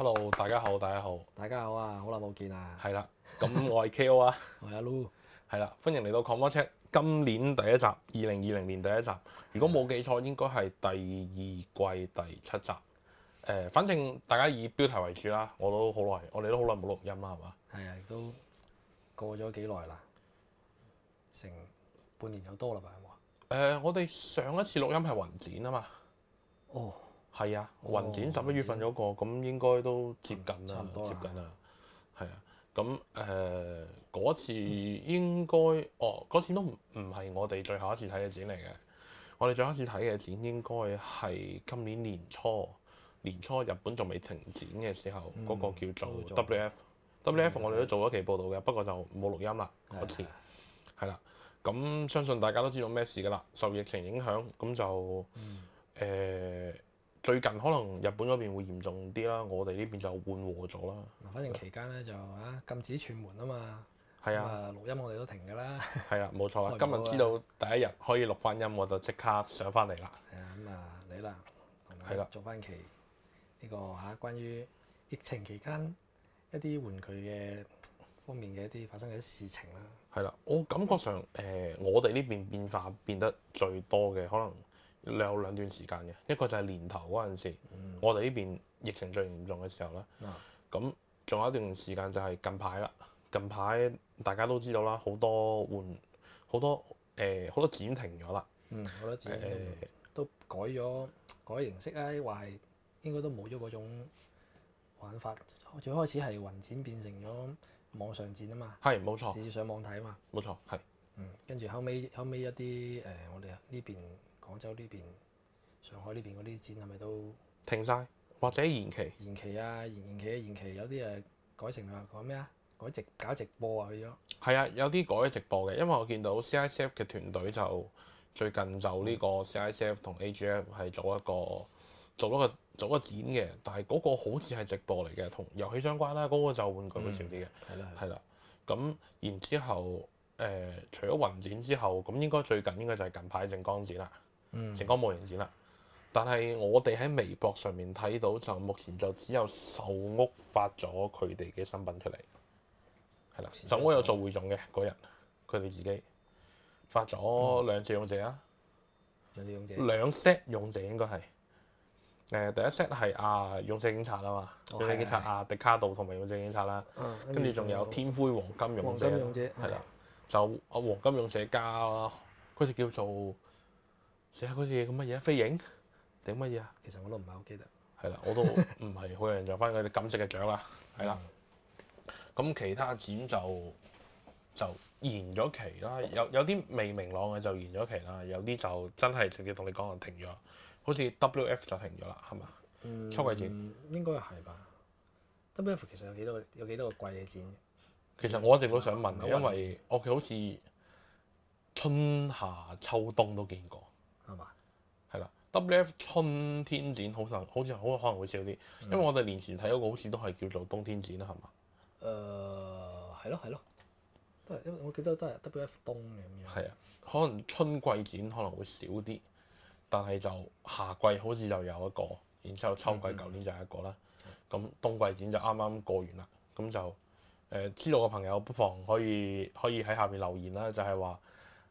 Hello，大家好，大家好，大家好啊，好耐冇見啊。係啦，咁我係 Ko 啊，我係阿 Lu，係啦，歡迎嚟到 KOMOCHAT，今年第一集，二零二零年第一集，如果冇記錯，應該係第二季第七集、呃。反正大家以標題為主啦，我都好耐，我哋都好耐冇錄音啦，係嘛？係啊，都過咗幾耐啦，成半年有多啦吧？誒、呃，我哋上一次錄音係雲展啊嘛。哦。Oh. 係啊，雲展十一月份嗰、那個，咁應該都接近啦，接近啦。係啊，咁誒嗰次應該，哦，嗰次都唔唔係我哋最後一次睇嘅展嚟嘅。我哋最後一次睇嘅展應該係今年年初，年初日本仲未停展嘅時候，嗰、嗯、個叫做 WF，WF、嗯、我哋都做咗期報道嘅，嗯、不過就冇錄音啦，嗰次。係啦的，咁的相信大家都知道咩事㗎啦，受疫情影響，咁就誒。呃最近可能日本嗰邊會嚴重啲啦，我哋呢邊就緩和咗啦。嗱，反正期間咧就嚇禁止串門啊嘛，係是啊，錄音我哋都停㗎啦。係啊，冇錯啦。不今日知道第一日可以錄翻音，我就即刻上翻嚟啦。係啊，咁、嗯、是啊你啦，係啦，做翻期呢個嚇關於疫情期間一啲玩具嘅方面嘅一啲發生嘅事情啦。係啦、啊，我感覺上誒、呃、我哋呢邊變化變得最多嘅可能。有兩段時間嘅，一個就係年頭嗰陣時，嗯、我哋呢邊疫情最嚴重嘅時候咧。咁仲、嗯、有一段時間就係近排啦。近排大家都知道啦，好多換好多誒，好、呃、多展停咗啦。嗯，好多展、呃、都改咗改形式啦，話係應該都冇咗嗰種玩法。最開始係雲展變成咗網上展啊嘛，係冇錯，直接上網睇啊嘛，冇錯係。嗯，跟住後尾後尾一啲誒、呃，我哋呢邊。廣州呢邊、上海呢邊嗰啲展係咪都停晒？或者延期，延期、啊？延期啊，延期啊，延期、啊、延期有啲誒改成話講咩啊？改直搞直播啊，變咗。係啊，有啲改咗直播嘅，因為我見到 C I C F 嘅團隊就最近就呢個 C I C F 同 A G F 係做一個做多個做一個展嘅，但係嗰個好似係直播嚟嘅，同遊戲相關啦。嗰、那個就玩具少啲嘅，係啦係啦。咁然之後誒、呃，除咗雲展之後，咁應該最近應該就係近排正光展啦。成個模型展啦，但係我哋喺微博上面睇到就目前就只有壽屋發咗佢哋嘅新品出嚟，係啦。壽屋有做會眾嘅嗰日，佢哋自己發咗兩隻勇者啊，兩隻勇者，兩 set 勇者應該係，誒第一 set 係啊勇者警察啊嘛，哦、勇者警察啊的迪卡道同埋勇者警察啦，跟住仲有天灰黃金勇者，係啦，就啊黃金勇者加嗰隻叫做。寫嗰啲嘢咁乜嘢啊？飛影定乜嘢啊？其實我都唔係好記得。係啦，我都唔係好有印象。翻嗰啲金色嘅獎啦，係啦。咁、嗯、其他展就就延咗期啦。有有啲未明朗嘅就延咗期啦。有啲就真係直接同你講就停咗。好似 W.F 就停咗啦，係嘛、嗯？秋季展應該係吧。W.F 其實有幾多個？有幾多個季嘅展？其實我一直都想問啊，因為我企好似春夏秋冬都見過。係嘛？係啦，W F 春天展好似好似好，好可能會少啲，因為我哋年前睇嗰個好似都係叫做冬天展啦，係嘛？誒、呃，係咯係咯，都係，因為我記得都係 W F 冬嘅咁樣。係啊，可能春季展可能會少啲，但係就夏季好似就有一個，然之後秋季舊年就係一個啦。咁、嗯嗯、冬季展就啱啱過完啦，咁就誒、呃、知道嘅朋友不妨可以可以喺下面留言啦，就係、是、話。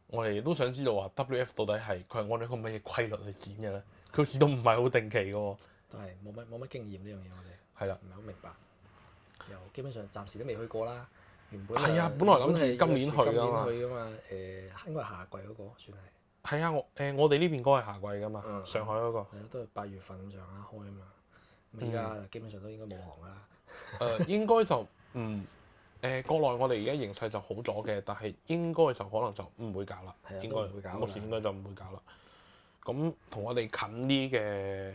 我哋亦都想知道話 W F 到底係佢係按照一個乜嘢規律去剪嘅咧？佢好似都唔係好定期嘅喎，但係冇乜冇乜經驗呢樣嘢，我哋係啦，唔係好明白。又基本上暫時都未去過啦。原本係啊，啊本，啊本來諗住今年去㗎嘛。今年去㗎嘛？誒，應該係夏季嗰個算係。係啊、嗯，我誒我哋呢邊應該係夏季㗎嘛？上海嗰個係咯，都係八月份咁上下開啊嘛。咁而家基本上都應該冇行㗎啦。誒、嗯 呃、應該就嗯。誒，國內、呃、我哋而家形勢就好咗嘅，但係應該就可能就唔會搞啦。的應該目前應該就唔會搞啦。咁同的我哋近啲嘅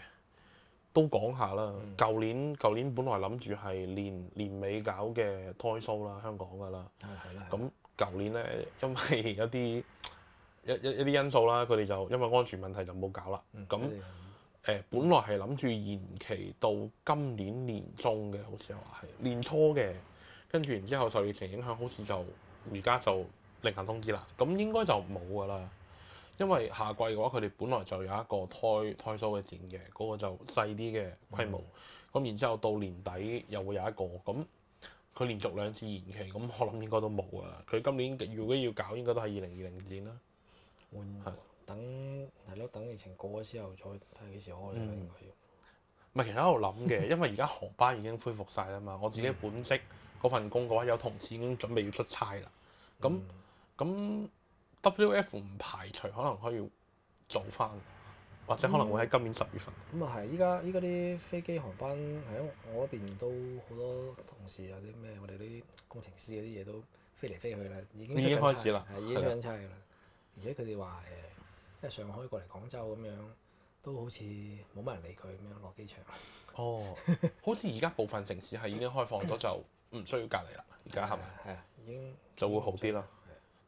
都講下啦。舊、嗯、年舊年本來諗住係年年尾搞嘅，toy show 啦，香港噶啦。係啦的。咁舊年咧，因為一啲一一一啲因素啦，佢哋就因為安全問題就冇搞啦。咁誒，本來係諗住延期到今年年中嘅，好似話係年初嘅。跟住然之後受疫情影響，好似就而家就另行通知啦。咁應該就冇㗎啦，因為夏季嘅話佢哋本來就有一個 Toy Soul 嘅展嘅，嗰、那個就細啲嘅規模。咁、嗯、然之後到年底又會有一個，咁佢連續兩次延期，咁我諗應該都冇㗎啦。佢今年如果要搞，應該都係二零二零展啦。係、嗯，是等係咯，等疫情過咗之後再睇幾時開啦。嗯唔係，其實喺度諗嘅，因為而家航班已經恢復晒啦嘛。我自己本職嗰份工嘅話，有同事已經準備要出差啦。咁咁，WF 唔排除可能可以做翻，或者可能會喺今年十月份。咁啊係，依家依家啲飛機航班喺我嗰邊都好多同事啊啲咩，我哋啲工程師嗰啲嘢都飛嚟飛去啦，已經已經開始啦，已經出緊差嘅啦。而且佢哋話誒，即係上海過嚟廣州咁樣。都好似冇乜人理佢咁樣落機場哦。好似而家部分城市係已經開放咗，就唔需要隔離啦。而家係咪？係啊，已經就會好啲咯。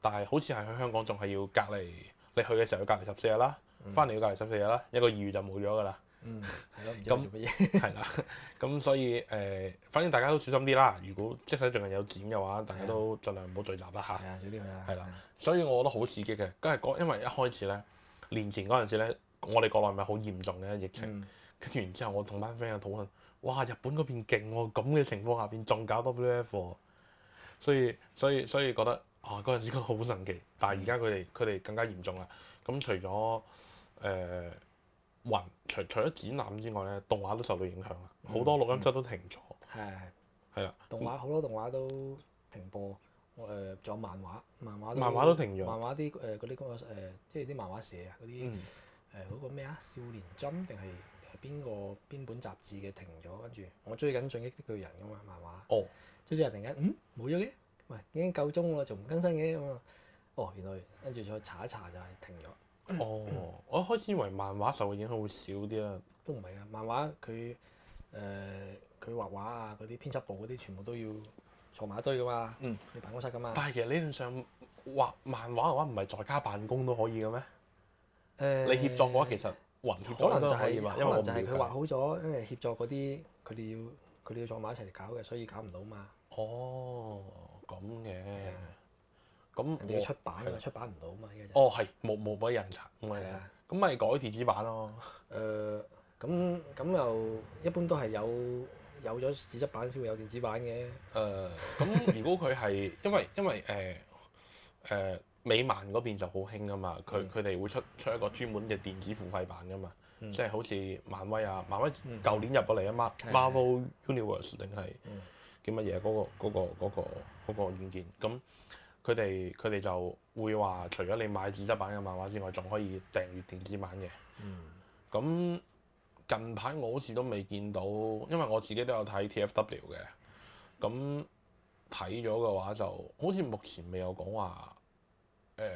但係好似係喺香港仲係要隔離。你去嘅時候要隔離十四日啦，翻嚟要隔離十四日啦。一個二月就冇咗㗎啦。嗯，係咯，唔知做乜嘢係啦。咁所以誒，反正大家都小心啲啦。如果即使最近有展嘅話，大家都儘量唔好聚集啦嚇。係啊，係啦。所以我覺得好刺激嘅，因為因為一開始咧年前嗰陣時咧。我哋國內咪好嚴重嘅疫情，嗯、跟住然之後，我同班 friend 又討論，哇！日本嗰邊勁喎、啊，咁嘅情況下邊仲搞 WF，啊、所以所以所以覺得啊嗰陣時覺得好神奇，但係而家佢哋佢哋更加嚴重啦。咁除咗誒雲，除除咗展覽之外咧，動畫都受到影響啦，好多錄音室都停咗，係係啦，嗯、的動畫好多動畫都停播，誒仲、呃、有漫畫漫畫漫畫都停咗，漫畫啲誒嗰啲個誒即係啲漫畫社啊嗰啲。誒嗰個咩啊？少年 Jump 定係係邊個邊本雜誌嘅停咗？跟住我追緊《進擊的巨人》噶嘛漫畫。哦。Oh. 追之人突然間，嗯，冇咗嘅，喂已經夠鐘啦，仲唔更新嘅嘛？哦，原來跟住再查一查就係停咗。哦、oh. 嗯，我一開始以為漫畫受嘅影響會少啲啊。都唔係啊！漫畫佢誒佢畫畫啊，嗰啲編輯部嗰啲全部都要坐埋一堆噶嘛，喺、嗯、辦公室噶嘛。但係其實理論上畫漫畫嘅話，唔係在家辦公都可以嘅咩？你協助嘅話，其實雲協助都可以嘛。因可能就係、可能就係、佢畫好咗，誒協助嗰啲，佢哋要佢哋要撞埋一齊搞嘅，所以搞唔到嘛。哦，咁嘅。咁你的我出版啊，的出版唔到嘛，依家就係。哦，係冇冇俾印刷。唔係啊。咁咪的改電子版咯。誒、呃，咁咁又一般都係有有咗紙質版先會有電子版嘅。誒、呃，咁如果佢係 因為因為誒誒。美漫嗰邊就好興㗎嘛，佢佢哋會出出一個專門嘅電子付費版㗎嘛，嗯、即係好似漫威啊，漫威舊年入過嚟啊嘛，Marvel Universe 定係叫乜嘢嗰個嗰個嗰個嗰個軟件咁，佢哋佢哋就會話除咗你買紙質版嘅漫畫之外，仲可以訂閱電子版嘅。咁、嗯、近排我好似都未見到，因為我自己都有睇 T.F.W 嘅，咁睇咗嘅話就好似目前未有講話。誒、呃、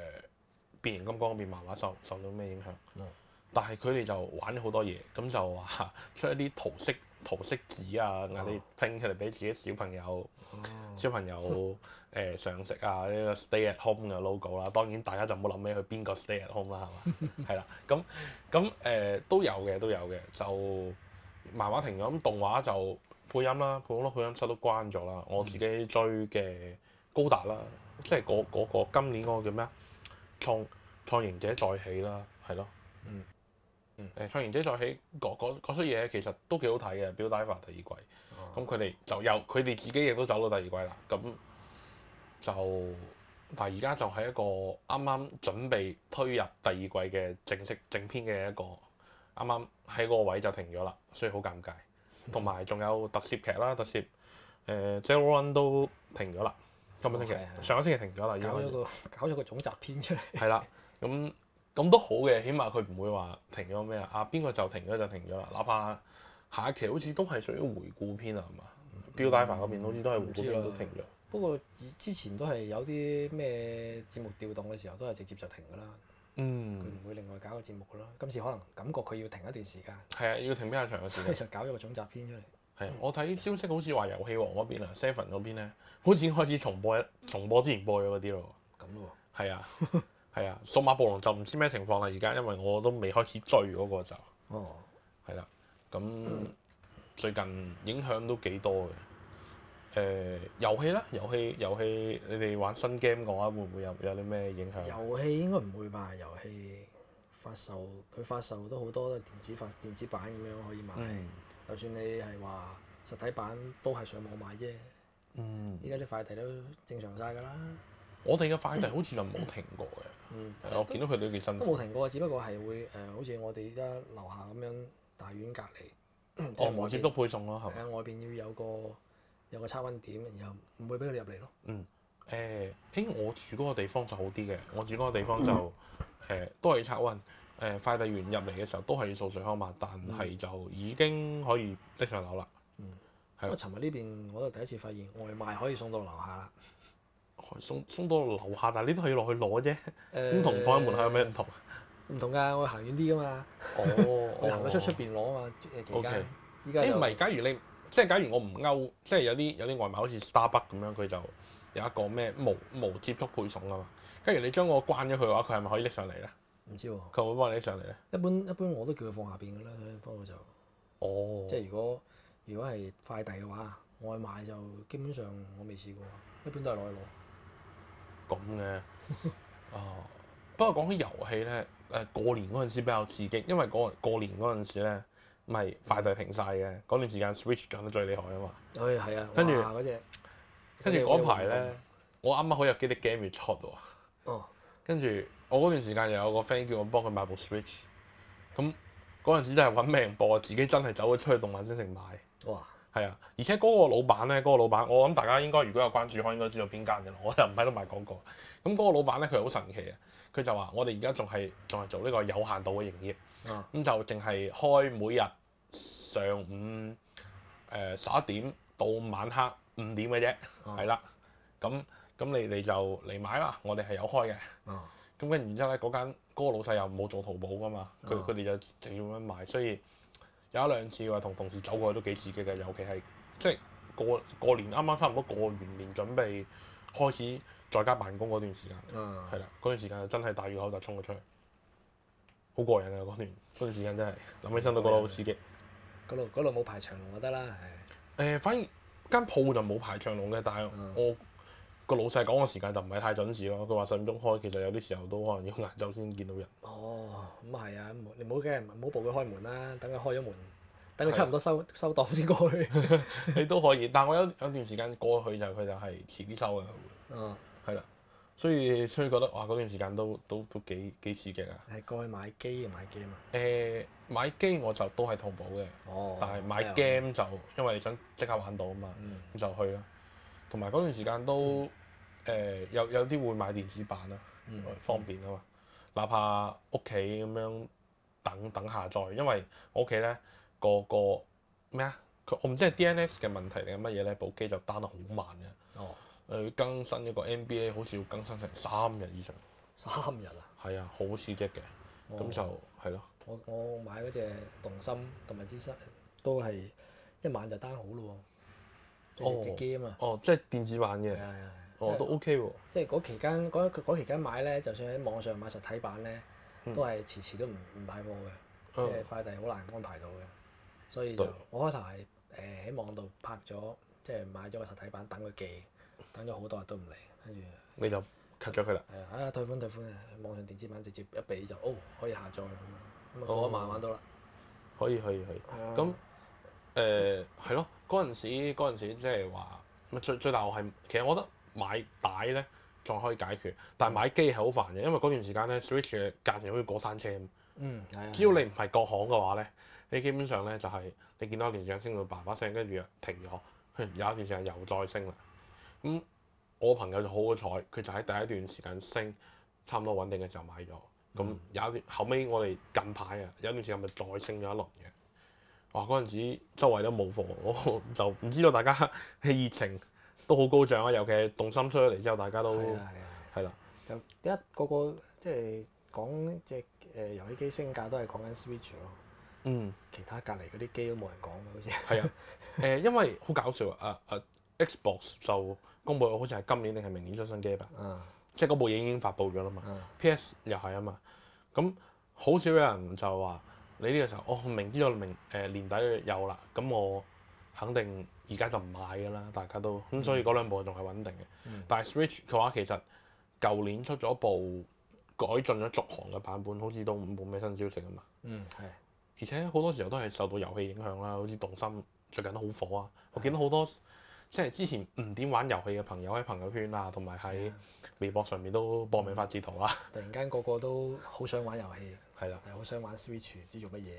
變形金剛嗰邊漫畫受受到咩影響？嗯、但係佢哋就玩咗好多嘢，咁就話出一啲塗色塗色紙啊，嗱你拼出嚟俾自己小朋友、哦哦、小朋友誒上色啊呢、這個 stay at home 嘅 logo 啦、啊。當然大家就冇諗起去邊個 stay at home 啦，係嘛？係啦， 咁咁誒都有嘅都有嘅，就漫畫停咗，咁動畫就配音啦。好多配音室都關咗啦，我自己追嘅。嗯嗯高達啦，即係嗰個，個，個今年嗰個叫咩啊？創創型者再起啦，係咯、嗯。嗯嗯。誒創型者再起嗰出嘢其實都幾好睇嘅，《Build Divers》第二季。咁佢哋就由佢哋自己亦都走到第二季啦。咁就但係而家就係一個啱啱準備推入第二季嘅正式正篇嘅一個啱啱喺個位就停咗啦，所以好尷尬。同埋仲有特攝劇啦，特攝誒《Zero One》都停咗啦。上個星期停咗啦，搞咗個 搞咗個總集篇出嚟。係 啦，咁咁都好嘅，起碼佢唔會話停咗咩啊？啊邊個就停咗就停咗啦。哪怕下一期好似都係屬於回顧篇，嗯、啊，係嘛？標大凡嗰邊好似都係回顧篇都停咗。不過之前都係有啲咩節目調動嘅時候，都係直接就停㗎啦。嗯，佢唔會另外搞個節目㗎啦。今次可能感覺佢要停一段時間。係啊，要停比較長嘅時間，其實搞咗個總集篇出嚟。係，我睇消息好似話遊戲王嗰邊啊，Seven 嗰邊咧，好似開始重播，重播之前播咗嗰啲咯。咁咯喎。係啊，係啊,啊，數碼暴龍就唔知咩情況啦。而家因為我都未開始追嗰個就。哦。係啦、啊，咁、嗯、最近影響都幾多嘅。誒、呃，遊戲咧，遊戲遊戲，你哋玩新 game 嘅話，會唔會有有啲咩影響？遊戲應該唔會吧？遊戲發售，佢發售都好多都係電子發電子版咁樣可以買。嗯就算你係話實體版都係上網買啫，嗯，依家啲快遞都正常晒㗎啦。我哋嘅快遞好似就冇停過嘅，嗯，我見到佢都幾新鮮。都冇停過，只不過係會誒、呃，好似我哋依家樓下咁樣大院隔離，哦，即係外邊接觸配送咯。係外邊要有個有個測溫點，然後唔會俾佢哋入嚟咯。嗯，誒、呃，誒、欸，我住嗰個地方就好啲嘅，我住嗰個地方就誒、呃、都係要測溫。誒，快遞員入嚟嘅時候都係要掃上康碼，但係就已經可以拎上樓啦。嗯，係的。我尋日呢邊我都第一次發現外賣可以送到樓下啦。送送到樓下，但係你都可以落去攞啫。咁同放喺門口有咩唔同？唔同㗎，我行遠啲㗎嘛哦。哦， 我行得出出邊攞啊。O K，依家。唔係 okay.、欸，假如你即係假如我唔勾，即係有啲有啲外賣好似 Starbucks 咁樣，佢就有一個咩無無接觸配送啊嘛。假如你將我關咗佢嘅話，佢係咪可以拎上嚟咧？唔知喎、啊，佢會唔幫你上嚟咧？一般一般我都叫佢放下邊㗎啦，不過就哦，即係如果如果係快遞嘅話，外賣就基本上我未試過，一般都係攞去攞。咁嘅， 哦。不過講起遊戲咧，誒過年嗰陣時比較刺激，因為嗰過年嗰陣時咧，咪快遞停晒嘅，嗰段時間 Switch 漲得最厲害啊嘛。誒、哎、啊，跟住嗰隻，跟住嗰排咧，我啱啱好有機啲 Game Switch 喎。啊、哦。跟住。我嗰段時間又有個 friend 叫我幫佢買部 Switch，咁嗰陣時真係揾命搏，我自己真係走咗出去動漫星城買。哇！係啊，而且嗰個老闆呢，嗰、嗰個老闆，我諗大家應該如果有關注，我應該知道邊間嘅咯。我就唔喺度賣嗰個。咁、那、嗰個老闆呢，佢好神奇啊！佢就話：我哋而家仲係仲係做呢個有限度嘅營業，咁、嗯、就淨係開每日上午十一點到晚黑五點嘅啫，係啦。咁咁、嗯、你哋就嚟買啦，我哋係有開嘅。嗯咁跟住之後咧，嗰間嗰個老細又唔好做淘寶噶嘛，佢佢哋就直接咁樣賣，所以有一兩次話同同事走過去都幾刺激嘅，尤其係即係過過年啱啱差唔多過完年，準備開始在家辦公嗰段時間，係啦、uh，嗰、huh. 段時間就真係大雨口就衝咗出去，好過癮啊！嗰段段時間真係諗、uh huh. 起身都覺得好刺激。嗰度度冇排長龍就得啦，誒、huh. uh，誒，反而間鋪就冇排長龍嘅，但係我，個老細講嘅時間就唔係太準時咯，佢話十點鐘開，其實有啲時候都可能要晏晝先見到人。哦，咁啊係啊，你唔好驚，唔好報佢開門啦、啊，等佢開咗門，等佢差唔多收、啊、收檔先過去。 你都可以，但我有有段時間過去就佢就係遲啲收嘅，佢、哦。嗯。係啦，所以所以覺得哇，嗰段時間都都都，都幾幾刺激啊！係過去買機啊，買 game。誒，買機我就都係淘寶嘅，哦、但係買 game 就、嗯、因為你想即刻玩到啊嘛，咁、嗯、就去啦。同埋嗰段時間都誒、呃、有有啲會買電子版啦，嗯、方便啊嘛。哪怕屋企咁樣等等下載，因為我屋企咧個個咩啊，佢我唔知係 DNS 嘅問題定乜嘢咧，部機就 down 得好慢嘅。哦，佢、呃、更新一個 NBA 好似要更新成三日以上。三日啊？係啊，好，好刺激嘅。咁、哦、就係咯我了。我我買嗰隻動心同埋資生都係一晚就 down 好咯。直接 game 啊哦，即係電子版嘅，哦都 OK 喎。即係嗰期間，嗰期間買咧，就算喺網上買實體版咧，都係遲遲都唔唔買貨嘅，即係快遞好難安排到嘅。所以就我開頭係誒喺網度拍咗，即係買咗個實體版，等佢寄，等咗好多日都唔嚟，跟住你就 cut 咗佢啦。係啊，退款退款啊！網上電子版直接一畀就哦，可以下載咁啊，慢玩到啦。可以可以可以，咁。誒係咯，嗰陣、呃、時嗰陣時即係話最最大我係其實我覺得買帶咧仲可以解決，但係買機係好煩嘅，因為嗰段時間咧 Switch 嘅價錢好似過山車咁。嗯，係。只要你唔係國行嘅話咧，你基本上咧就係、是、你見到一段時間升到爸爸聲，跟住停咗，有一段時間又再升啦。咁我朋友就好好彩，佢就喺第一段時間升差唔多穩定嘅時候買咗。咁有一段、嗯、後尾，我哋近排啊，有一段時間咪再升咗一輪嘅。哇！嗰陣時周圍都冇貨，我就唔知道大家嘅熱情都好高漲啊，尤其係動森出嚟之後大的，大家都係啊啦，就一個個即係講隻誒遊戲機升價都係講緊 Switch 咯，嗯，其他隔籬嗰啲機都冇人講好似係啊，誒的， 因為好搞笑啊啊、uh, uh,，Xbox 就公佈好似係今年定係明年出新機吧，嗯、即係嗰部嘢已經發布咗啦嘛，PS 又係啊嘛，咁好少有人就話。你呢個時候，我、哦、明知我明誒、呃、年底都有啦，咁我肯定而家就唔買㗎啦，大家都咁，嗯、所以嗰兩部仲係穩定嘅。嗯、但係 Switch 嘅話，其實舊年出咗部改進咗續航嘅版本，好似都冇咩新消息啊嘛。嗯，係。而且好多時候都係受到遊戲影響啦，好似動森，最近都好火啊，我見到好多。即係之前唔點玩遊戲嘅朋友喺朋友圈啊，同埋喺微博上面都搏命發截圖啦。突然間個個都好想玩遊戲，係啦的，好想玩 Switch 唔知做乜嘢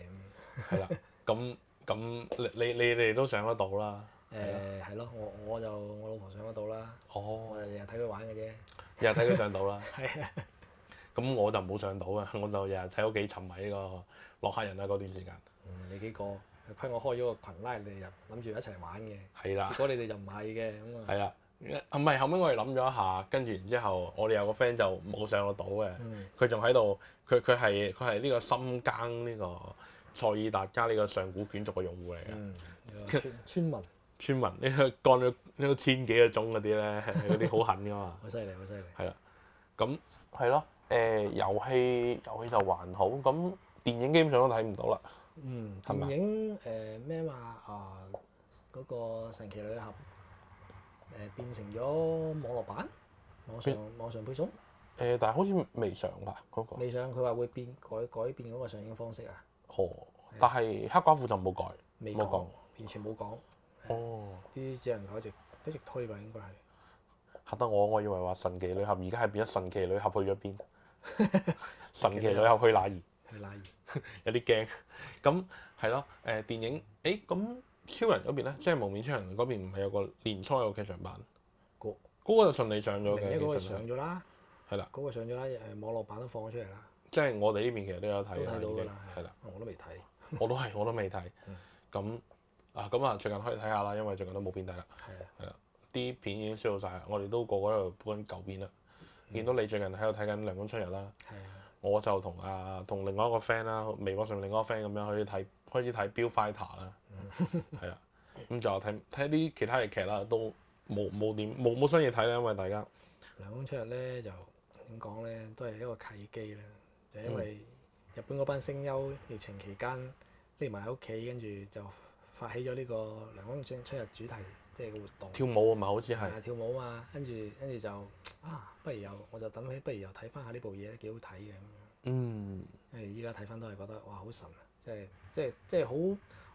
咁。係啦的，咁咁 你你你哋都上得到啦。誒係咯，我我就我老婆上得到啦。哦，我就日日睇佢玩嘅啫。日日睇佢上到啦。係咁我就冇上到啊，我就日日睇屋企沉迷呢個《洛克人》啊嗰段時間、嗯。你幾個？虧我開咗個群，拉你入，諗住一齊玩嘅。係啦。如果你哋就唔係嘅咁啊。係啦。唔係後尾我哋諗咗一下，跟住然之後我哋有個 friend 就冇上到島嘅。佢仲喺度，佢佢係佢係呢個深耕呢、呢個賽爾達加呢個上古卷軸嘅用戶嚟嘅。嗯、村， 村民。村民，呢個幹咗呢個千幾個鐘嗰啲咧，嗰啲好狠噶嘛。好犀利，好犀利。係啦。咁。係咯。誒，遊戲遊戲就還好，咁電影基本上都睇唔到啦。嗯，電影誒咩話啊？嗰、那個神奇女合神奇女俠誒、呃、變成咗網絡版，網上變網上配送。誒、呃，但係好似未上吧嗰、那個、未上，佢話會變改改變嗰個上映方式啊。哦，但係黑寡婦就冇改，冇講說，說完全冇講。哦，啲只能夠一直一直推吧。應該係嚇得我，我以為話神奇女俠而家係變咗神奇女俠去咗邊？ 神奇女俠去哪兒？有啲驚，咁係咯，誒電影，誒咁超人嗰邊咧，即係蒙面超人嗰邊唔係有個年初有劇場版，個嗰個就順利上咗嘅，嗰個上咗啦，係啦，嗰個上咗啦，誒網絡版都放咗出嚟啦，即係我哋呢邊其實都有睇，睇到㗎啦，係啦，我都未睇，我都係我都未睇，咁啊咁啊最近可以睇下啦，因為最近都冇片睇啦，係啊，係啊，啲片已經銷到曬，我哋都個個喺度揾舊片啦，見到你最近喺度睇緊《涼宮春日》啦，係啊。我就同啊同另外一個 friend 啦，微博上另外一個 friend 咁樣，開始睇，開始睇《Bill Fighter 》啦，係啦，咁就睇睇啲其他日劇啦，都冇冇點冇冇新嘢睇啦，因為大家涼宮出日咧就點講咧，都係一個契機啦，就因為日本嗰班聲優疫情期間匿埋喺屋企，跟住就發起咗呢個涼宮出出日主題。即係個活動，跳舞啊嘛，好似係。啊，跳舞啊嘛，跟住跟住就啊，不如又我就等起，不如又睇翻下呢部嘢咧，幾好睇嘅。嗯。誒，依家睇翻都係覺得哇，好神啊！即係即係即係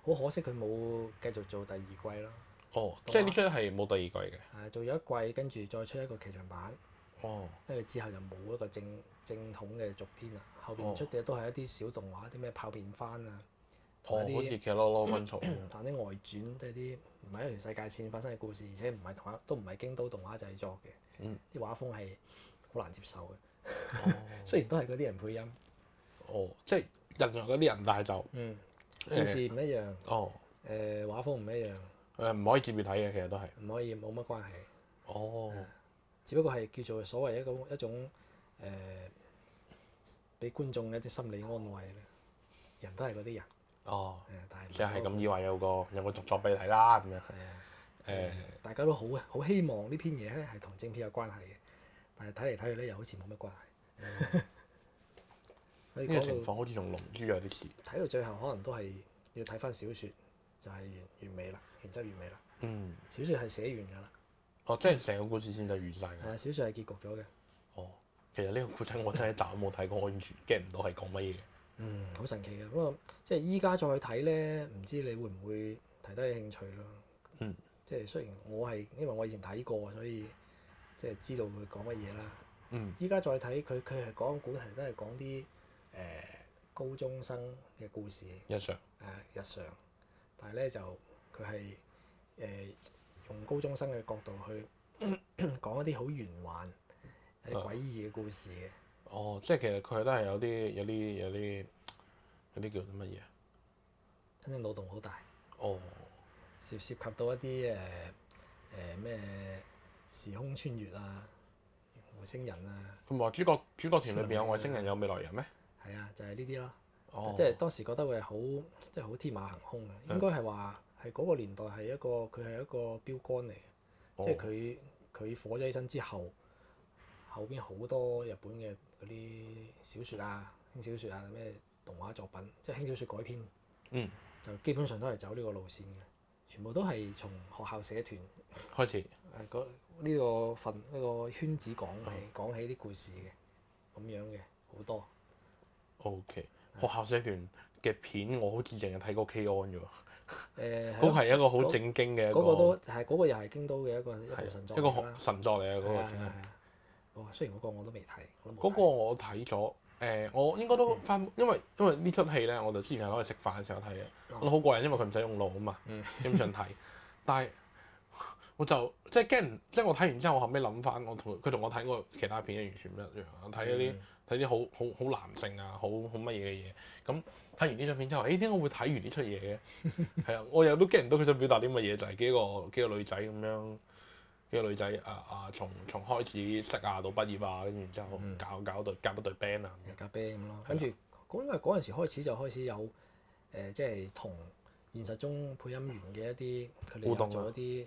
好好可惜，佢冇繼續做第二季咯。哦，即係呢出係冇第二季嘅。係做咗一季，跟住再出一個劇場版。哦。跟住之後就冇一個正正統嘅續編啦。哦。後邊出嘅都係一啲小動畫，啲咩泡片番啊。好似《奇洛洛軍曹》。但啲外傳都係啲。唔係一條世界線發生嘅故事，而且唔係動畫，都唔係京都動畫製作嘅，啲、嗯、畫風係好難接受嘅。哦、 雖然都係嗰啲人配音。哦，即係一樣嗰啲人，但係就故事唔一樣。哦。誒、呃，畫風唔一樣。誒、呃，唔可以接住睇嘅，其實都係。唔可以，冇乜關係。哦、呃。只不過係叫做所謂一個一種誒，俾、呃、觀眾嘅一啲心理安慰啦。人都係嗰啲人。哦，但是即係咁，以為有個有個續作俾你睇啦，咁樣。係啊的，誒、嗯，大家都好嘅，好希望呢篇嘢咧係同正片有關係嘅，但係睇嚟睇去咧又好似冇乜關係。呢、嗯、 個情況好似同龍珠有啲似。睇到最後可能都係要睇翻小説，就係完完美啦，原汁原味啦。嗯，小説係寫完㗎啦。哦，即係成個故事先就完晒。㗎。係啊，小説係結局咗嘅。哦，其實呢個故仔我真係但我冇睇過，我完全 get 唔到係講乜嘢。嗯，好神奇嘅，不過即係依家再去睇咧，唔知你會唔會提得起興趣咯？嗯，即係雖然我係因為我以前睇過，所以即係知道佢講乜嘢啦。嗯。依家再睇佢，佢係講古題，都係講啲誒高中生嘅故事。日常。誒、呃，日常。但係咧，就佢係誒用高中生嘅角度去講、嗯、一啲好玄幻、有啲詭異嘅故事嘅。嗯。哦，即係其實佢都係有啲有啲有啲有啲叫啲乜嘢？真正腦洞好大。哦。涉涉及到一啲誒誒咩時空穿越啊，外星人啊。佢唔係主角，主角團裏邊有外星人有未來人咩？係啊，就係呢啲咯。哦。即係當時覺得佢係好即係好天馬行空嘅，應該係話係嗰個年代係一個佢係一個標竿嚟嘅，即係佢佢火咗起身之後。後邊好多日本嘅嗰啲小説啊、輕小説啊、咩動畫作品，即係輕小説改編，嗯、就基本上都係走呢個路線嘅，全部都係從學校社團開始，誒、啊，呢、呢個份呢、呢個圈子講起，嗯、講起啲故事嘅，咁樣嘅好多。O、okay, K，學校社團嘅片我好似淨係睇過 K《K On》啫喎、哎，都嗰係一個好正經嘅，嗰個都係嗰個又係京都嘅一個對一個神作啦，神作嚟嘅嗰個。啊 雖然嗰個我都未睇，我嗰個我睇咗，誒、呃，我應該都翻，因為因為呢出戲咧，我就之前係攞嚟食飯嘅時候睇嘅，我都好過癮，因為佢唔使用腦啊嘛，欣、嗯、想睇。但係我就即係驚，即係我睇完之後，我後尾諗翻，我同佢同我睇過其他片嘅完全唔一樣，睇嗰啲睇啲好好好男性啊，好好乜嘢嘅嘢。咁、嗯、睇完呢出片之後，誒、點解會睇完呢出嘢嘅？係啊、嗯， 我又都驚唔到佢想表達啲乜嘢，就係、是、幾個幾個女仔咁樣。個女仔啊啊，從從開始識啊到畢業啊，跟住之後搞搞隊夾一隊 band 啊、嗯，夾 band 咁咯。跟住嗰因為嗰陣時開始就開始有誒，即、呃、係、就是、同現實中配音員嘅一啲互動咗一啲誒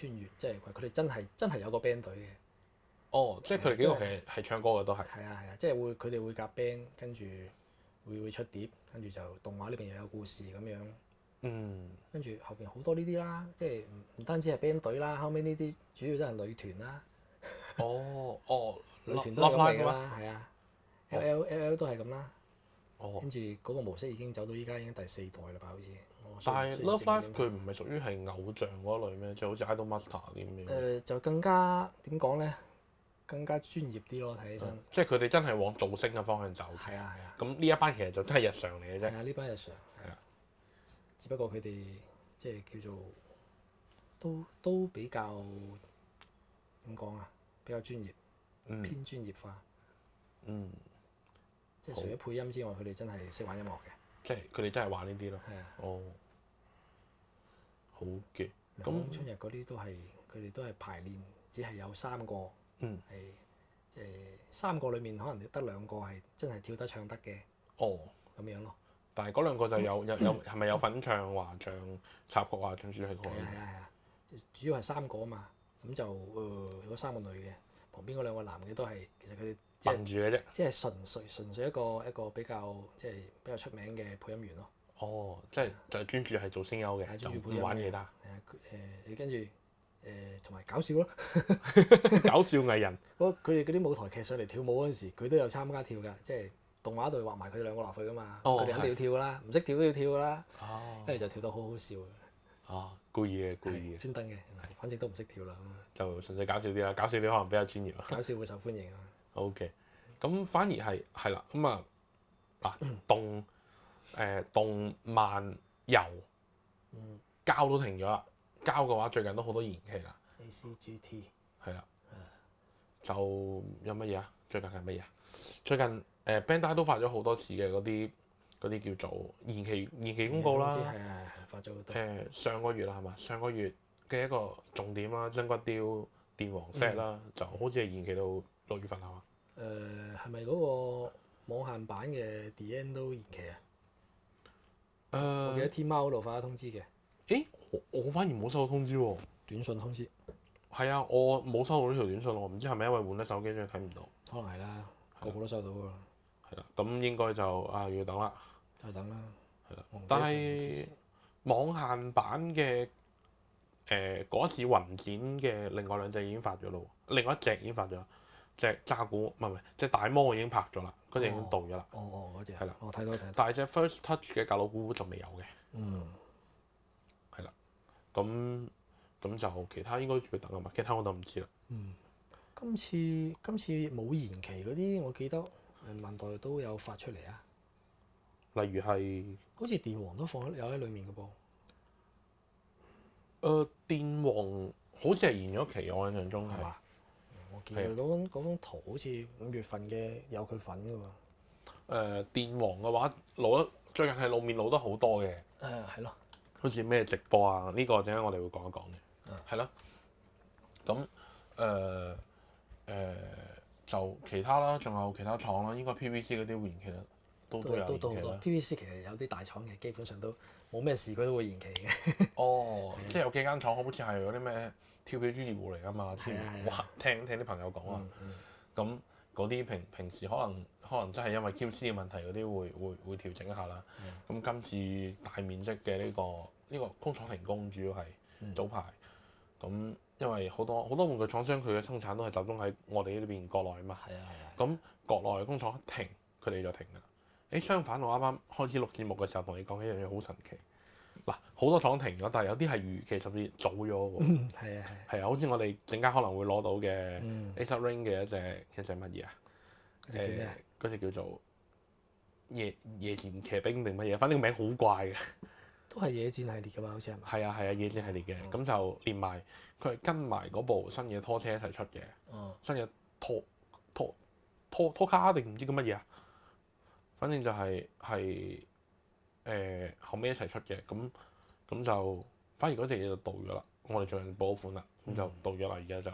穿越，即係佢哋真係真係有個 band 隊嘅。哦，即係佢哋幾個其實係唱歌嘅都係。係啊係啊，即係會佢哋會夾 band，跟住會會出碟，跟住就動畫呢邊又有故事咁樣。嗯，跟住後邊好多呢啲啦，即係唔單止係 band 隊啦，後尾呢啲主要都係女團啦。哦哦，女團都咁樣啦，係啊，L L L L 都係咁啦。哦。跟住嗰個模式已經走到依家已經第四代啦吧？好似。但係 Love Live 佢唔係屬於係偶像嗰類咩？就好似 Idol Master 啲咁樣。誒，就更加點講咧？更加專業啲咯，睇起身。即係佢哋真係往造星嘅方向走。係啊係啊。咁呢一班其實就真係日常嚟嘅啫。係啊，呢班日常。係啊。不過佢哋即係叫做都都比較點講啊？比較專業，偏專業化。嗯。嗯，即係除咗配音之外，佢哋好真係識玩音樂嘅。即係佢哋真係玩呢啲咯。係啊。哦。好嘅。咁、嗯、那春日嗰啲都係，佢哋都係排練，只係有三個。嗯。係誒，即係、三個裏面可能得兩個係真係跳得唱得嘅。哦。咁樣咯。但係嗰兩個就有有係係有係咪有份唱，華唱、插曲、華唱主題曲？係啊係啊，主要係三個啊嘛，咁就誒嗰三個女嘅，旁邊嗰兩個男嘅都係其實佢哋。扮住嘅啫。即係純粹純粹一個一個比較即係比較出名嘅配音員咯。哦，即係就係、專注係做聲優嘅，唔玩其他。係啊，誒、呃、你跟住誒同埋搞笑咯 搞笑藝人。不過佢哋嗰啲舞台劇上嚟跳舞嗰陣時，佢都有參加跳㗎，即係。動畫度畫埋佢哋兩個落去噶嘛，佢哋肯定要跳噶啦，唔識跳都要跳噶啦，跟住就跳到好好笑啊！故意嘅，故意嘅，專登嘅，係，反正都唔識跳啦，咁就純粹搞笑啲啦，搞笑啲可能比較專業啊，搞笑會受歡迎啊。OK，咁反而係係啦，咁啊嗱動誒動漫遊嗯交都停咗啦，交嘅話最近都好多延期啦。ACGT 係啦，就有乜嘢啊？最近係乜嘢啊？最近誒 Bandai 都發咗好多次嘅嗰啲啲叫做延期延期公告啦，係係，發咗好多誒，上個月啦係嘛？上個月嘅一個重點啦，真骨雕電王 set 啦、嗯， 就好似係延期到六月份係嘛？誒係咪嗰個網限版嘅 DM 都延期啊？誒、呃欸，我記得天貓嗰度發咗通知嘅。誒，我反而冇收到通知喎，短信通知係啊，我冇收到呢條短信喎，唔知係咪因為換咗手機，所以睇唔到？可能係啦、啊，我好多收到㗎啦。係啦，咁應該就啊要等啦，再等啦。係啦的，但係網限版嘅誒嗰次雲展嘅另外兩隻已經發咗咯，另外一隻已經發咗隻炸鼓，唔係唔係隻大魔已經拍咗啦，嗰隻已經到咗啦、哦。哦的哦，嗰隻係啦，我睇到睇到。但係隻 First Touch 嘅格老古古就未有嘅。嗯，係啦，咁咁就其他應該要等啦嘛。其他我就唔知啦。嗯，今次今次冇延期嗰啲，我記得。萬代都有發出嚟啊，例如係，好似電王都放咗有喺裡面嘅噃。誒、呃，電王好似係延咗期，我印象中係嘛吧、嗯？我見到嗰張圖好似五月份嘅有佢份㗎嘛。誒、呃，電王嘅話，露得最近係露面露得、呃、好多嘅。誒，係咯。好似咩直播啊？呢、呢個陣間我哋會講一講嘅。嗯，係咯。咁誒誒。呃呃呃呃就其他啦，仲有其他廠啦，應該 PVC 嗰啲會延期啦，都都有都都延期 PVC 其實有啲大廠其實基本上都冇咩事，佢都會延期嘅。哦， 的即係有幾間廠好似係嗰啲咩跳票專業戶嚟㗎嘛，哇！聽聽啲朋友講啊，咁嗰啲平平時可能可能真係因為 QC 嘅問題嗰啲會會會,會調整一下啦。咁今、嗯、次大面積嘅呢、這個呢、這個工廠停工主要係早排咁。嗯嗯因為好多好多玩具廠商佢嘅生產都係集中喺我哋呢邊國內啊嘛。係啊係啊。咁、啊啊、國內工廠一停，佢哋就停㗎啦。誒、欸、相反，我啱啱開始錄節目嘅時候同你講一樣嘢好神奇。嗱，好多廠停咗，但係有啲係預期甚至早咗喎。係啊係啊。係啊，好似我哋陣間可能會攞到嘅，Airring 嘅一隻一隻乜嘢啊？誒，嗰隻叫做夜夜戰騎兵定乜嘢？反正個名好怪嘅。都係野戰系列嘅嘛，好似係嘛？係啊係啊，野戰系列嘅，咁、嗯、就連埋佢係跟埋嗰部新嘅拖車一齊出嘅。哦、嗯，新嘅拖拖拖拖卡定唔知叫乜嘢啊？反正就係係誒後尾一齊出嘅，咁咁就反而嗰隻嘢就到咗啦。我哋最近補款啦，咁、嗯、就到咗啦。而家就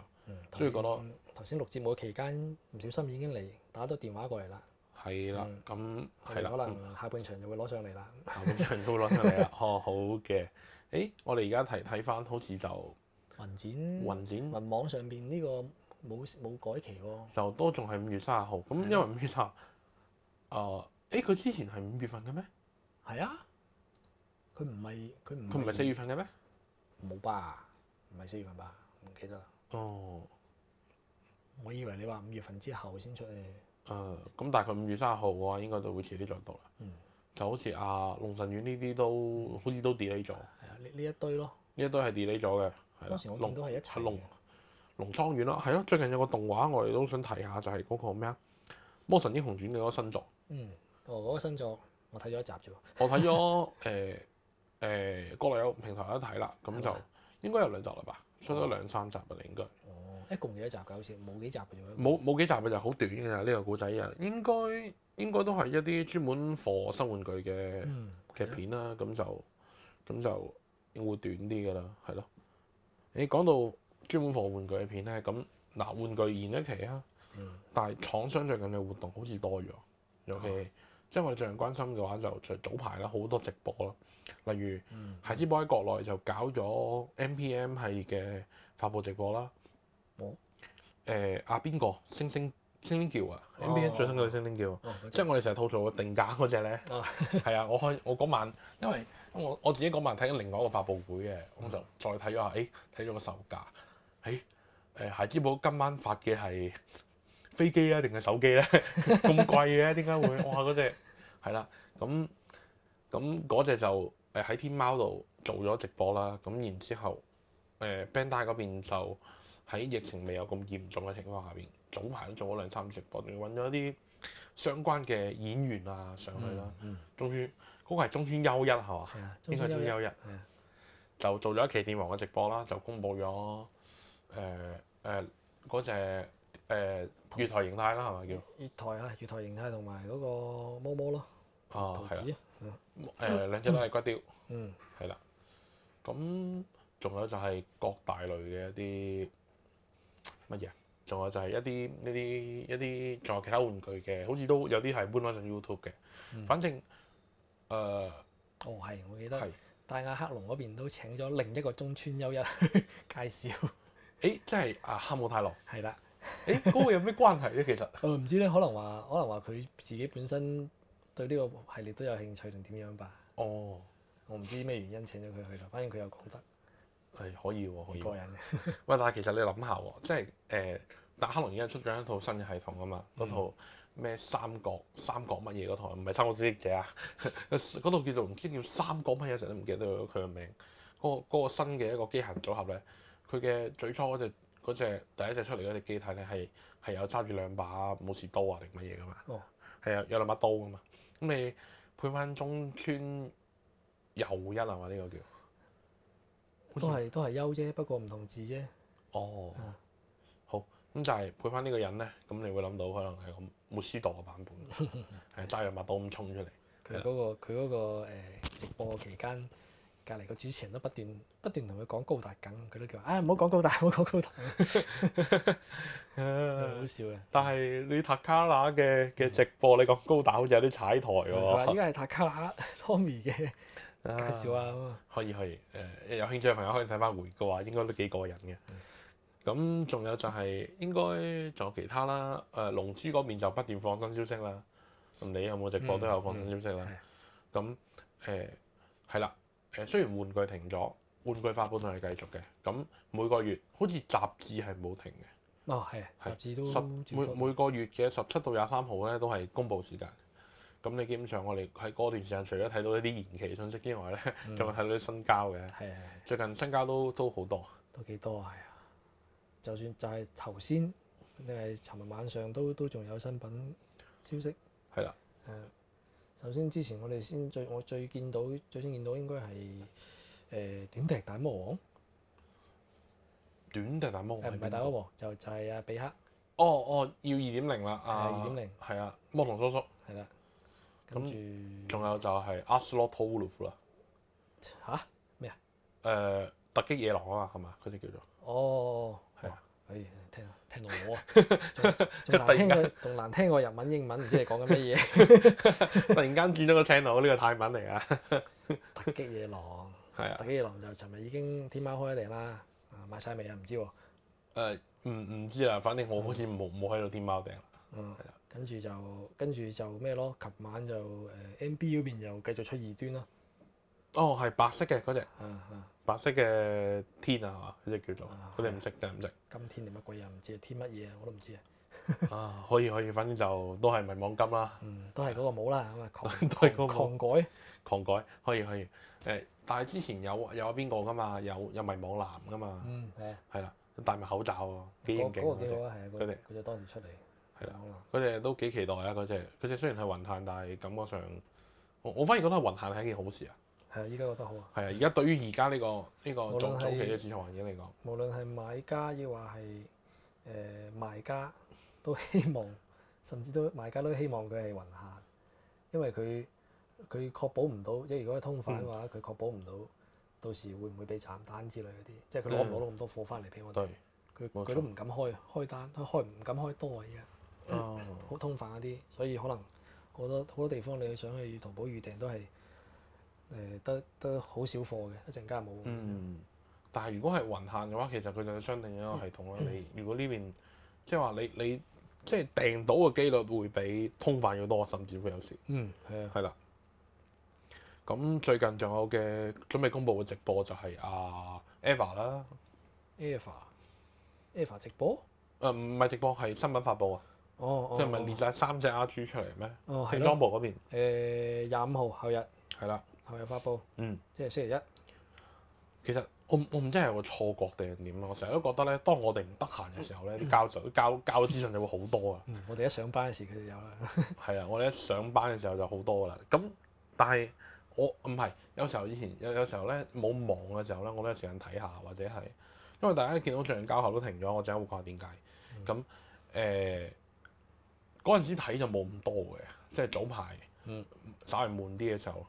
所以講咯，頭先、嗯、錄節目期間唔小心已經嚟打咗電話過嚟啦。係啦，咁係啦，樣嗯、可能下半場就會攞上嚟啦。下半場都攞上嚟啦。哦、 欸，好嘅。誒，我哋而家睇睇翻，好似就雲展、雲展、雲網上邊呢個冇冇改期喎？就都仲係五月三十號。咁因為五月三十號誒，誒、呃、佢、欸、之前係五月份嘅咩？係啊，佢唔係佢唔佢唔係四月份嘅咩？冇吧，唔係四月份吧？唔記得啦。哦，我以為你話五月份之後先出嚟。誒咁大概五月三十號嘅話，應該就會遲啲再讀啦。嗯，就好似阿龍神丸呢啲都好似都 delay 咗。係啊，呢呢一堆咯，呢一堆係 delay 咗嘅，係咯。當時我哋都係一齊龍龍莊丸咯，係咯。最近有個動畫我哋都想睇下，就係嗰個咩啊《魔神英雄傳》嘅嗰個新作。嗯，哦，嗰個新作我睇咗一集啫喎。我睇咗誒誒國內有平台一睇啦，咁就應該有兩集啦吧？出咗兩三集啦應該。一共幾多集㗎？好似冇幾集嘅，咁冇冇幾集嘅，就好短㗎。呢、這個古仔啊，應該應該都係一啲專門 for 新玩具嘅劇、嗯、片啦。咁的就咁就會短啲㗎啦，係咯。你講到專門 for 玩具嘅片呢，咁嗱玩具延一期啊，嗯、但係廠商最近嘅活動好似多咗，尤其即係我哋最近關心嘅話，就早排啦好多直播啦，例如孩之寶喺國內就搞咗 M P M 系列嘅發布直播啦。誒阿邊個星星星星叫啊？NBA，哦、最新嗰個星星叫，即係我哋成日吐槽個定價嗰隻咧，係啊！我開我嗰晚，因為我我自己嗰晚睇緊另外一個發佈會嘅，我就再睇咗下，誒睇咗個售價，誒誒孩之寶今晚發嘅係飛機咧定係手機咧咁 貴嘅，點解會哇嗰隻係啦，咁咁嗰隻就誒喺天貓度做咗直播啦，咁然之後誒、呃、Bandai 嗰邊就。喺疫情未有咁嚴重嘅情況下邊，早排都做咗兩三次直播，仲揾咗啲相關嘅演員啊上去啦。中村嗰個係中村優一係嘛？係啊，應該係中村優一。係啊，就做咗一期電王嘅直播啦，就公佈咗誒誒嗰隻月台形態啦，係咪叫？月台啊，月台形態同埋嗰個毛毛咯，桃子。嗯，誒兩隻都係骨雕。嗯，係啦。咁仲有就係各大類嘅一啲。乜嘢？仲有就係一啲呢啲一啲，仲有其他玩具嘅，好似都有啲係搬咗上 YouTube 嘅。嗯、反正誒，呃、哦係，我記得戴亞克隆嗰邊都請咗另一個中村優一 介紹。誒、欸，即係啊哈姆太郎。係啦的。誒、欸，嗰個有咩關係咧？其實誒唔知咧，可能話可能話佢自己本身對呢個系列都有興趣，定點樣吧？哦，我唔知咩原因請咗佢去啦。反正佢又講得。誒可以喎，可以、啊。過癮嘅。喂，但係其實你諗下喎，即係誒、呃，但係《黑龍》而家出咗一套新嘅系統啊嘛，嗰、嗯、套咩《三國》《三國》乜嘢嗰台唔係《三國志》嚟嘅啊？嗰 套叫做唔知叫《三國》乜嘢，成日都唔記得佢嘅名。嗰、嗰個新嘅一個機械人組合咧，佢嘅最初嗰隻隻第一隻出嚟嗰隻機體咧係係有揸住兩把武士刀啊定乜嘢噶嘛？哦，係啊，有兩把刀噶嘛。咁你配翻中村右一啊嘛？呢、呢個叫。都係都係優啫，不過唔同字啫。哦，好，咁就係配翻呢個人咧，咁你會諗到可能係咁沒思道嘅版本，係大肉麥當咁衝出嚟。佢嗰、嗰個佢嗰個直播期間，隔離個主持人都不斷不斷同佢講高達梗。佢都叫啊，唔好講高達，唔好講、哎、高達。好笑嘅、 啊。但係你塔卡拉嘅嘅直播，你講高達好似有啲踩台㗎喎。依家係塔卡拉 Tommy 嘅。啊、介紹啊，可以可以誒、呃、有興趣嘅朋友可以睇翻回嘅話，應該都幾過癮嘅。咁仲有就係應該仲有其他啦。誒、呃、龍珠嗰邊就不斷放新消息啦。咁你有冇直播都有放新消息啦。咁誒係啦。誒、嗯呃呃、雖然玩具停咗，玩具發佈都係繼續嘅。咁每個月好似雜誌係冇停嘅。啊係、哦，是雜誌都10，每每個月嘅十七到廿三號咧都係公佈時間。咁你基本上，我哋喺嗰段時間除，除咗睇到一啲延期信息之外咧，仲有睇到啲新膠嘅。係啊、嗯！最近新膠都都好多，都幾多啊？啊！就算就係頭先你係尋日晚上都都仲有新品消息。係啦的。誒、啊，首先之前我哋先最我最見到最先見到應該係誒、呃、短笛大魔王。短笛大魔王唔係、啊、大魔王？就就係阿比克。哦哦，要二點零啦！啊，二點零係啊，魔王叔叔係啦。咁仲有就係阿斯洛托夫啦吓？咩啊？誒、呃、突擊野狼啊，係咪嗰隻叫做？哦，係啊，誒、啊啊啊、聽啊，聽到我啊，仲 難聽過，仲難聽過日文英文，唔知你講緊咩嘢？ 突然間見到個聽到呢個泰文嚟啊！ 突擊野狼係啊，突擊野狼就尋日已經天貓開咗訂啦，賣晒未啊？唔、呃、知喎？唔唔知啊，反正我好似冇冇喺度天貓訂啦。跟住就跟住就咩咯？琴晚就誒 MB 嗰邊又繼續出異端咯。哦，係白色嘅嗰隻，白色嘅天啊嘛，嗰隻叫做，佢哋唔識嘅唔識。今天定乜鬼又唔知啊？天乜嘢啊？我都唔知啊。啊，可以可以，反正就都係迷惘金啦。嗯，都係嗰個冇啦，咁啊，都係嗰個。狂改。狂改，可以可以。誒，但係之前有有邊個㗎嘛？有有迷惘藍㗎嘛？嗯，係啊。係啦，戴埋口罩喎，幾應景嗰隻。嗰幾好佢哋佢就當時出嚟。係啦，嗰隻都幾期待啊！嗰隻嗰隻雖然係雲限，但係感覺上我反而覺得雲限係一件好事啊！係啊，依家覺得好啊！係啊，而家對於而家呢個呢個中早期嘅市場環境嚟講，無論係買家亦或係誒賣家都希望，甚至都賣家都希望佢係雲限，因為佢佢確保唔到，即係如果通販嘅話，佢、嗯、確保唔到到時會唔會俾斬單之類嗰啲，嗯、即係佢攞唔攞到咁多貨翻嚟俾我哋，佢佢對都唔敢開開單，佢開唔敢開多啊！而家。哦，好、嗯、通販嗰啲，所以可能好多好多地方你去想去淘寶預訂都係誒，得得好少貨嘅一陣間冇。嗯，但係如果係雲限嘅話，其實佢就要相定一個系統啦。啊嗯、你如果呢邊即係話你你即係、就是、訂到嘅機率會比通販要多，甚至乎有時嗯係啊係啦。咁最近仲有嘅準備公佈嘅直播就係、是、阿、啊、EVA 啦 EVA EVA 直播？誒唔係直播係新聞發布啊！哦，即係唔係列曬三隻 R 豬出嚟咩？哦，係部博嗰邊。誒，廿五號後日。係啦了。後日發布。嗯。即係星期一。其實我我唔知係我錯覺定係點咯，我成日都覺得咧，當我哋唔得閒嘅時候咧，啲 交流、交交資訊就會好多、嗯、 啊。我哋一上班嘅時佢就有啦。係啊，我哋一上班嘅時候就好多噶啦。咁，但係我唔係有時候以前有有時候咧冇忙嘅時候咧，我都有時間睇下，或者係因為大家見到最近交口都停咗，我陣間會講下點解。咁誒、嗯。嗰陣時睇就冇咁多嘅，即係早排稍為悶啲嘅時候，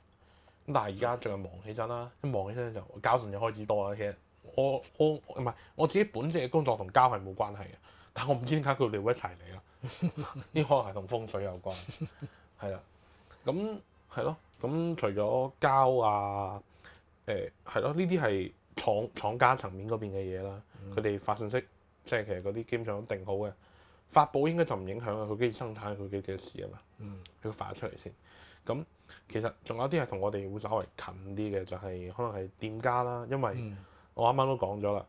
咁但係而家最近忙起身啦，一忙起身咧就交信又開始多啦。其實我我唔係我自己本職嘅工作同交係冇關係嘅，但我唔知點解佢哋會一齊嚟啦，呢可能係同風水有關，係啦，咁係咯，咁除咗交啊，誒係咯，呢啲係廠廠家層面嗰邊嘅嘢啦，佢哋發信息，即係其實嗰啲基本上都定好嘅。發佈應該就唔影響啊！佢繼續生產佢嘅嘅事啊嘛，佢發出嚟先。咁其實仲有啲係同我哋會稍微近啲嘅，就係、是、可能係店家啦。因為我啱啱都講咗啦，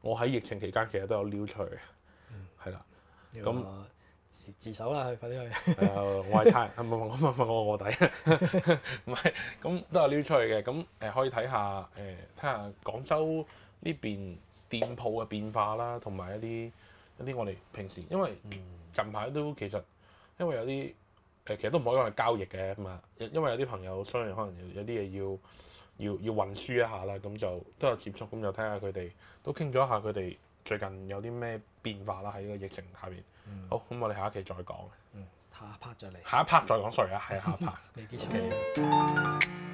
我喺疫情期間其實都有撩出去，係啦、嗯。咁自自首啦，去快啲去。誒、 呃，我係差人，唔唔唔唔我我臥底唔係。咁 都有撩出去嘅，咁誒可以睇下誒睇下廣州呢邊店鋪嘅變化啦，同埋一啲。一啲我哋平時，因為近排都其實，因為有啲誒，其實都唔可以講係交易嘅咁嘛，因為有啲朋友，雖然可能有啲嘢要要要運輸一下啦，咁就都有接觸，咁就聽下佢哋都傾咗一下佢哋最近有啲咩變化啦，喺呢個疫情下邊。嗯、好，咁我哋下一期再講、嗯。下一 part 再嚟。下一 part 再 sorry 啊，係 下一 part。 okay.